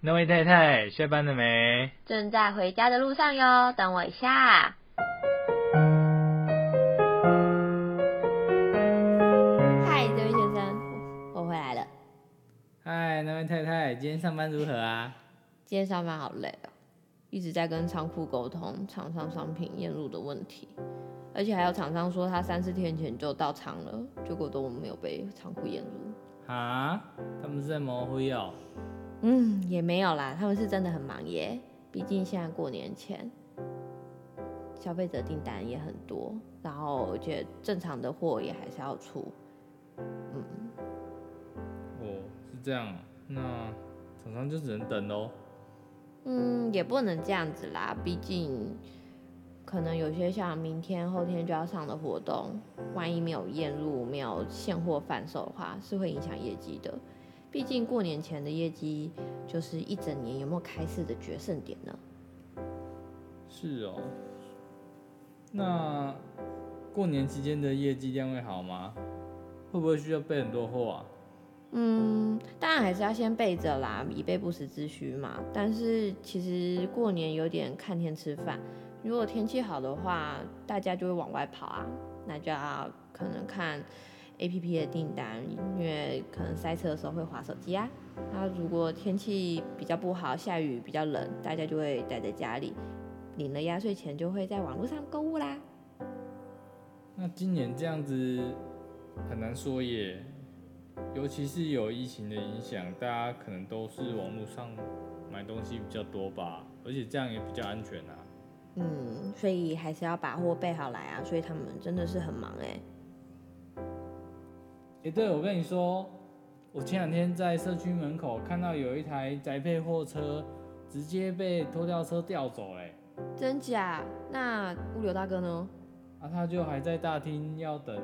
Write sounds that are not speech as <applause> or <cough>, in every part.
那位太太下班了沒？正在回家的路上喲，等我一下。嗨，這位先生，我回來了。嗨，那位太太，今天上班如何啊？ <laughs> 今天上班好累啊，一直在跟倉庫溝通廠商商品驗入的問題，而且還有廠商說他三四天前就到倉了，結果都沒有被倉庫驗入。啊？他們是在模糊哦。嗯，也沒有啦，他們是真的很忙耶。畢竟現在過年前，消費者訂單也很多，然後而且正常的貨也還是要出。嗯。哦，是這樣啊，那廠商就只能等咯，嗯，也不能這樣子啦，畢竟可能有些像明天、後天就要上的活動，萬一沒有驗入、沒有現貨販售的話，是會影響業績的。畢竟過年前的業績就是一整年有沒有開市的決勝點呢？是哦。那過年期間的業績將會好嗎？會不會需要備很多貨啊？嗯，當然還是要先備着啦，以備不時之需嘛。但是其實過年有點看天吃飯，如果天氣好的話，大家就會往外跑啊，那就要可能看。A P P 的訂單，因為可能塞車的時候會滑手機啊。那如果天氣比較不好，下雨比較冷，大家就會待在家裡，領了壓歲錢就會在網絡上購物啦。那今年這樣子很難說耶，尤其是有疫情的影響，大家可能都是網絡上買東西比較多吧，而且這樣也比較安全啊。嗯，所以還是要把貨備好來啊，所以他們真的是很忙誒。哎、欸，對，我跟你說，我前兩天在社區門口看到有一台宅配貨車，直接被拖吊車吊走哎、欸。真假？那物流大哥呢？啊、他就還在大廳要等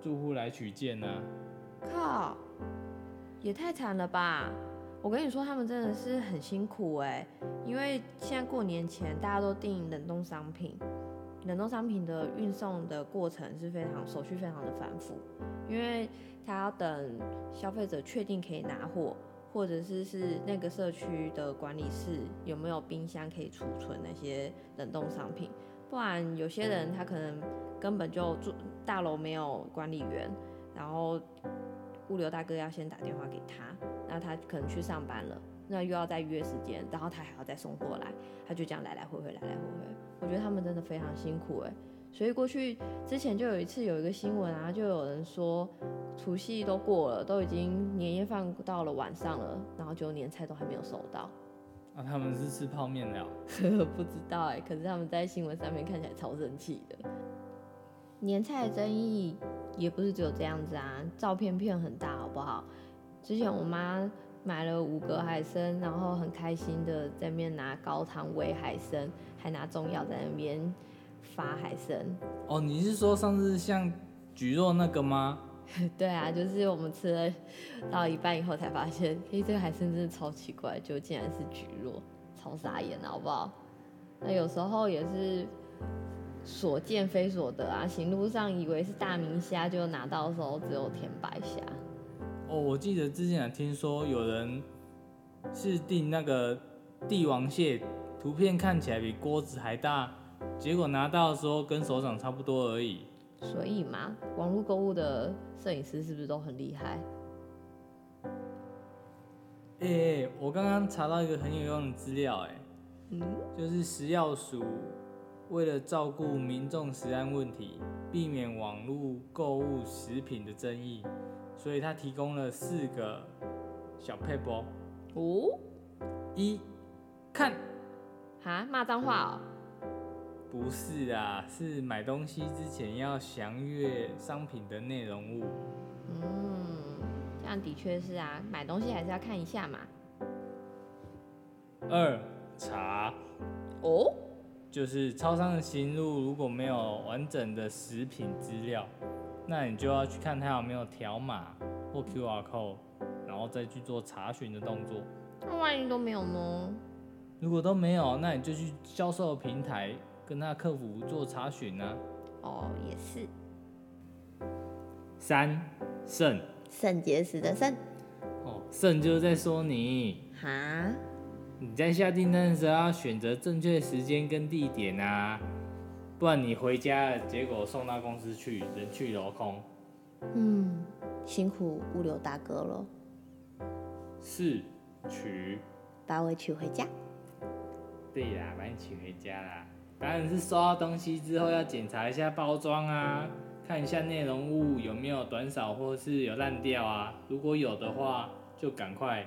住戶來取件呢、啊。靠，也太慘了吧！我跟你說，他們真的是很辛苦、欸、因為現在過年前大家都訂冷凍商品。冷凍商品的運送的過程是非常手續非常的繁複，因為他要等消費者確定可以拿貨，或者是是那個社區的管理室有沒有冰箱可以儲存那些冷凍商品，不然有些人他可能根本就住大樓沒有管理員，然後物流大哥要先打電話給他，那他可能去上班了。那又要再約時間，然後他還要再送過來，他就這樣來來回回，來來回回。我覺得他們真的非常辛苦哎、欸，所以過去之前就有一次有一個新聞啊，就有人說除夕都過了，都已經年夜飯到了晚上了，然後就年菜都還沒有收到。那、啊、他們是吃泡麵了？ <laughs> 不知道哎、欸，可是他們在新聞上面看起來超生氣的。年菜的爭議也不是只有這樣子啊，照片片很大好不好？之前我媽、嗯。買了五個海參，然後很開心的在那邊拿高湯煨海參，還拿中藥在那邊發海參。哦，你是說上次像蒟蒻那個嗎？ <laughs> 對啊，就是我們吃了到一半以後才發現，哎、欸，這個海參真的超奇怪，就竟然是蒟蒻，超傻眼，好不好？那有時候也是所見非所得啊，行路上以為是大明蝦，就拿到的時候只有甜白蝦。哦，我記得之前聽說有人是訂那個帝王蟹，圖片看起來比鍋子還大，結果拿到的時候跟手掌差不多而已。所以嘛，網絡購物的攝影師是不是都很厲害？哎、欸，我剛剛查到一個很有用的資料，欸，哎、嗯，就是食藥署為了照顧民眾食安問題，避免網絡購物食品的爭議。所以他提供了四個小撇步，五、哦、一看，哈，罵髒話哦，不是啊，是買東西之前要詳閱商品的內容物。嗯，這樣的確是啊，買東西還是要看一下嘛。二查，哦，就是超商的新入如果沒有完整的食品資料。那你就要去看他有沒有條碼或 QR code，然後再去做查詢的動作。那萬一都沒有呢？如果都沒有，那你就去銷售的平台跟他客服做查詢呢、啊、哦，也是。三腎腎結石的腎。哦，腎就是在說你。哈？你在下訂單的時候要選擇正確的時間跟地點啊。不然你回家，結果送到公司去，人去樓空。嗯，辛苦物流大哥了。是取，把我取回家。對呀，把你取回家啦。當然是收到東西之後要檢查一下包裝啊，看一下內容物有沒有短少或是有爛掉啊。如果有的話，就趕快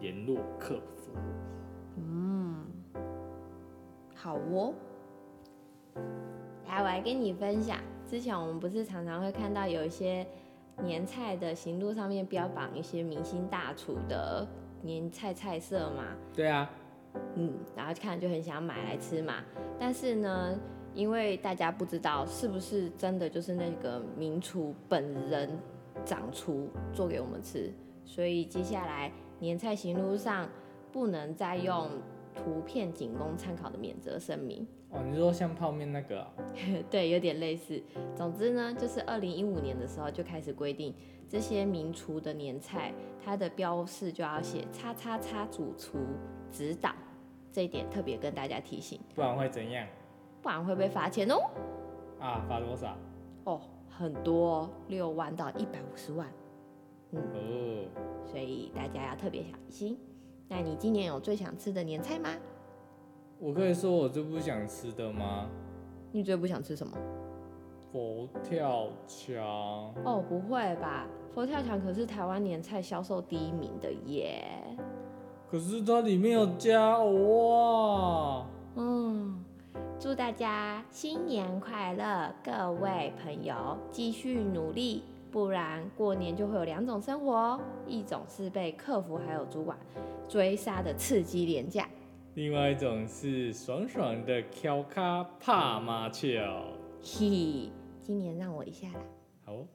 聯絡客服。嗯，好哦。來，我來跟你分享。之前我們不是常常會看到有一些年菜的行路上面標榜一些明星大廚的年菜菜色嗎？對啊，嗯，然後看就很想買來吃嘛。但是呢，因為大家不知道是不是真的就是那個名廚本人掌廚做給我們吃，所以接下來年菜行路上不能再用。嗯。圖片僅供參考的免責聲明哦。你說像泡麵那個哦， <laughs> 對，有點類似。總之呢，就是二零一五年的時候就開始規定，這些名廚的年菜，它的標示就要寫“叉叉叉主廚指導”。這一點特別跟大家提醒，不然會怎樣？不然會被罰錢哦。啊，罰多少？哦，很多哦，六萬到一百五十萬。嗯。哦。所以大家要特別小心。那你今年有最想吃的年菜嗎？我可以說我最不想吃的嗎？你最不想吃什麼？佛跳牆。哦，不會吧？佛跳牆可是台灣年菜銷售第一名的耶。可是它裡面有加哇！嗯，祝大家新年快樂，各位朋友，繼續努力。不然過年就會有兩種生活，一種是被客服還有主管追殺的刺激連假，另外一種是爽爽的敲卡帕馬翹。嘿，今年讓我一下啦。好、哦。